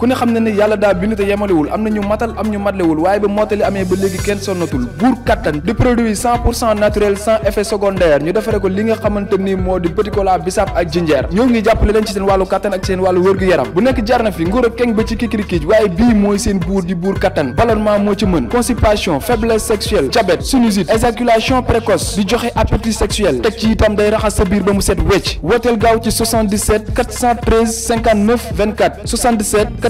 ku ne xam ne ne yàlla daa bindu te yemalewul am na ñu matal am ñu matlewul waaye ba mottali amee ba léegi kenn sonnatul buur kattan di produit naturel sans effet secondaire ñu defare ko li nga xamante ni moo di petit cola bisaab ak jinjeer ñoo ngi jàppale leen ci seen wàllu kattan ak seen wàllu wërgu-yaram bu nekk jar na fi nguur ak keng ba ci kikirikiij waaye bii mooy seen buur di buur kattan ballonnement moo ci mën constipation faiblesse sexuelle joxe appétit sexuel day raxas sa biir ba mu set wecc wooteel gaaw ci 77 413 59 24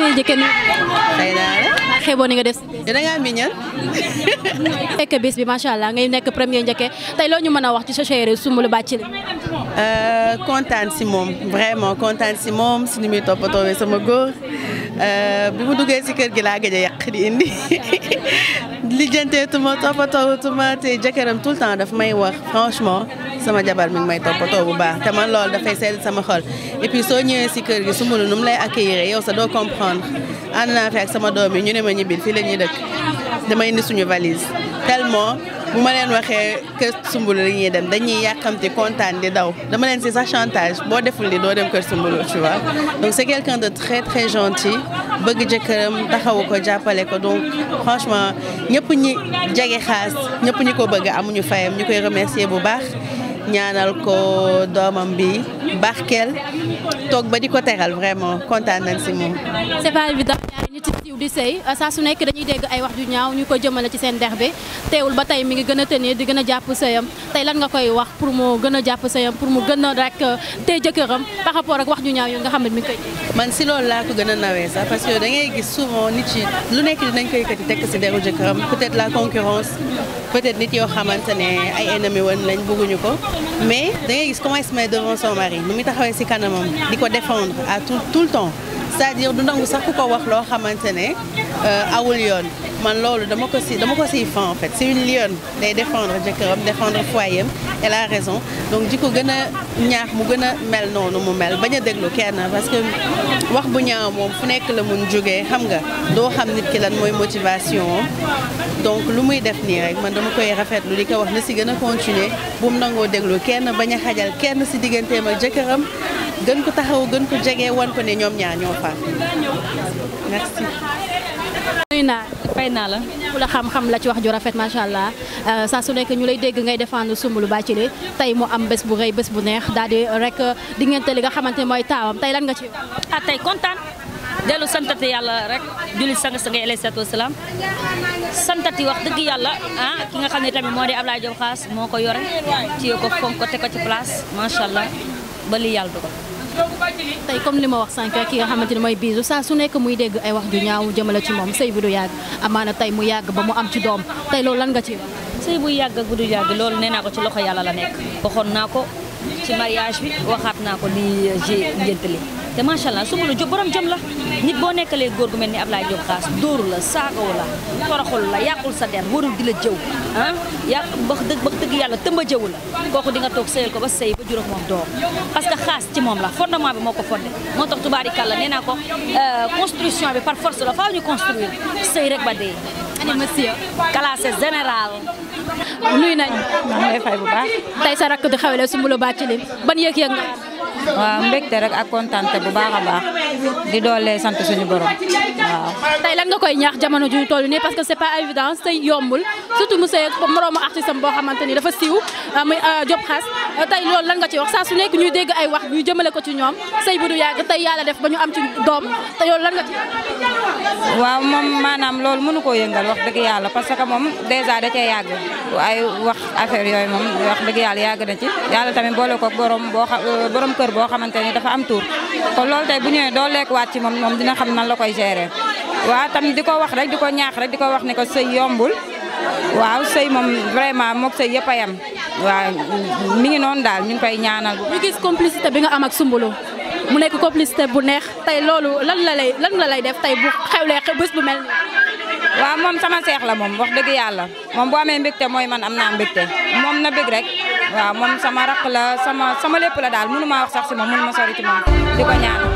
xëy naa la. xeeboon nga def. dina ngaa miñal. fekk bis bi macha allah ngay nekk premier njëkke tey loo ñu mën a wax ci sa chérie Soumboulou Bathily. Euh, kontaan si moom vraiment kontaan si moom si ni muy toppatoowee sama góor euh, bi mu duggee si kër gi laa gëj a yàq di indi lijjanteetuma toppatoowutuma te jëkkëram tout le temps daf may wax franchement. sama jabar mi may may toppatoo bu baax te man loolu dafay sedd sama xol et puis soo ñëwee si kër gi su ma nu mu lay accueillir yow sa doo comprendre ànd naa fi ak sama doom yi ñu ne ma ñibbil fii la ñuy dëkk dama indi suñu valise tellement bu ma leen waxee kër Sumbulu la ñuy dem dañuy yàkkamti kontaan di daw dama leen si sax chantage boo deful li doo dem kër Sumbulu tu vois donc c'est quelqu'un de très très gentil bëgg jëkkëram taxawu ko jàppale ko donc franchement ñëpp ñi jege xaas ñëpp ñi ko bëgg amuñu fayam ñu koy remercier bu baax ñaanal ko doomam bi barkeel toog ba di ko teral vraiment kontaan nañ si moom. siiw di sëy euh, saa su nekk dañuy dégg ay wax ju ñaaw ñu ko jëmale ci seen dex bi teewul ba tey mi ngi gën a tenir di gën a jàpp sëyam tey lan nga koy wax pour mu gën a jàpp sëyam pour mu gën a rek euh, tey jëkkëram par rapport ak wax ju ñaaw yu nga xam ne mi ngi koy man si loolu laa ko gën a nawee sax parce que da ngay gis souvent nit yi lu nekk dinañ koy yëkkati tekk si deru jëkkëram peut-être la concurrence peut-être nit yoo xamante ne ay ennemi woon lañ bëgguñu ko mais dangay ngay gis comment il se met devant son mari nu muy si kanamam di ko défendre à tout le temps c'est-à-dire du nangu sax ku ko wax loo xamante ne euh, awul yoon man loolu dama ko si dama ko si fan en fait c'est une lionne day défendre jëkkëram défendre foyem elle a raison donc di ko gën a ñaax mu gën a mel noonu mu mel bañ a déglu kenn parce que wax bu ñaaw moom fu nekk la mun jógee xam nga doo xam nit ki lan mooy motivation donc lu muy def nii rek man dama koy rafetlu li ko wax na si gën a continuer bu mu nangoo déglu kenn bañ a xajal kenn si digganteem ak jëkkëram gën ko taxaw gën ko jege wan ko ne ñoom ñaar ñoo faa merci. naa la ku la xam-xam la ci wax ju rafet macha allah euh, saa su nekkee ñu lay dégg ngay lu Soumboulou Bathily tey mu am bés bu rëy bés bu neex daal di rek diggante li nga xamante ne mooy taawam tey lan nga ci. ah tey kontaan dellu santati yàlla rek julli sang sa ngay alayhi salaatu wasalaam santati wax dëgg yàlla ah ki nga xam ne tamit moo di Ablaye Diop Xaas moo ko yore ci ko fonk ko te ko ci place macha allah. ba li yàlla dogal tey comme li ma wax sànq ki nga xamante ne mooy biisu saa su nekk muy dégg ay wax ju ñaaw jëmale ci moom sëy bu du yàgg amaana tey mu yàgg ba mu am ci doom tey loolu lan nga ci sëy bu yàgg a bu du yàgg loolu nee naa ko ci loxo yàlla la nekk waxoon naa ko ci mariage bi waxaat naa ko di j li te macha allah sumbalu jo borom jom la nit boo nekkalee góor gu mel ni Ablaye Diop Khass dóoru la saagawu la toroxul la yàqul sa der warul di la jëw ah yàq bax dëgg bax dëgg yàlla tëmba jëwu la kooku di nga toog sëyal ko ba sëy ba juróom moom doom parce que Khass ci moom la fondement bi moo ko fondé moo tax tubaari kàlla nee naa ko euh, construction bi par force la faaw ñu construire sëy rek ba dee. ani monsieur classe générale nuy nañu maa ngi lay tey sa rakk di xewle Soumboulou Bathily ban yëg-yëg waaw mbégte rek ak kontante bu baax a baax di doole sant suñu borom waaw. tey lan nga koy ñaax jamono ju ñu toll nii parce que c'est pas évident tey yombul surtout mu sey moroomu artiste am boo xamante ni dafa siiw ah, muy ah, Diop Khass tey lan nga ci wax saa su nekk ñuy dégg ay wax ñu jëmale ko ci ñoom sëy bu du yàgg tey yàlla def ba ñu am ci doom te lan nga ci waaw moom maanaam loolu mënu koo yëngal wax dëgg yàlla parce que moom dèjà de cee yàgg ay wax affaire yooyu moom wax dëgg yàlla yàgg na ci yàlla tamit boole ko borom boo xam borom kër boo xamante ni dafa am tur kon loolu tey bu ñëwee doo lekk waat ci moom moom dina xam nan la koy gérer waaw tam di ko wax rek di ko ñaax rek di ko wax ne ko sëy yombul waaw sëy moom vraiment moog sëy yëpp a yem mi ngi noonu daal ñu ngi koy ñaanal. ñu gis complicité bi nga am ak Soumboulou mu nekk complicité bu neex tey loolu lan la lay lan la lay def tey bu xewlee bés bu mel nii. waaw moom sama seex la moom wax dëgg yàlla moom boo amee mbégte mooy man am naa mbégte moom na bég rek. waaw moom sama rakk la sama sama lépp la daal mënu maa wax sax si ma mënu ma sori ci moom ko ñaan